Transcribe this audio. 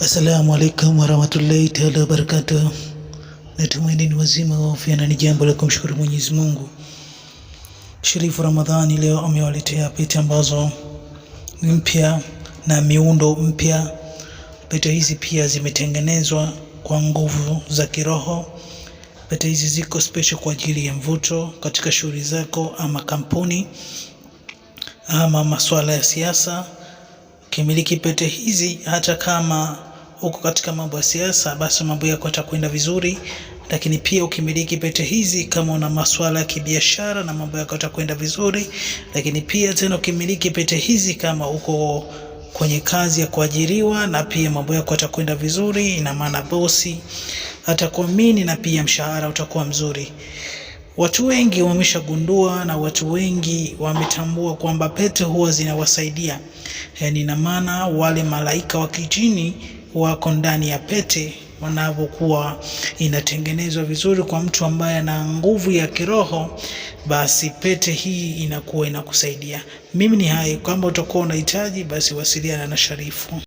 Assalamu alaikum warahmatullahi taala wabarakatuh. Natumaini ni wazima wa afya na ni jambo la kumshukuru Mwenyezi Mungu. Sherifu Ramadhani leo amewaletea pete ambazo ni mpya na miundo mpya. Pete hizi pia zimetengenezwa kwa nguvu za kiroho. Pete hizi ziko special kwa ajili ya mvuto katika shughuli zako ama kampuni ama masuala ya siasa. Kimiliki pete hizi hata kama uko katika mambo ya siasa, basi mambo yako yatakwenda vizuri. Lakini pia ukimiliki pete hizi, kama una masuala ya kibiashara, na mambo yako yatakwenda vizuri. Lakini pia tena ukimiliki pete hizi, kama uko kwenye kazi ya kuajiriwa, na pia mambo yako yatakwenda vizuri. Ina maana bosi atakuamini na pia mshahara utakuwa mzuri. Watu wengi wameshagundua na watu wengi wametambua kwamba pete huwa zinawasaidia, yaani ina maana wale malaika wa kijini wako ndani ya pete wanavyokuwa inatengenezwa vizuri kwa mtu ambaye ana nguvu ya kiroho, basi pete hii inakuwa inakusaidia. Mimi ni hai kama utakuwa unahitaji, basi wasiliana na Sharifu.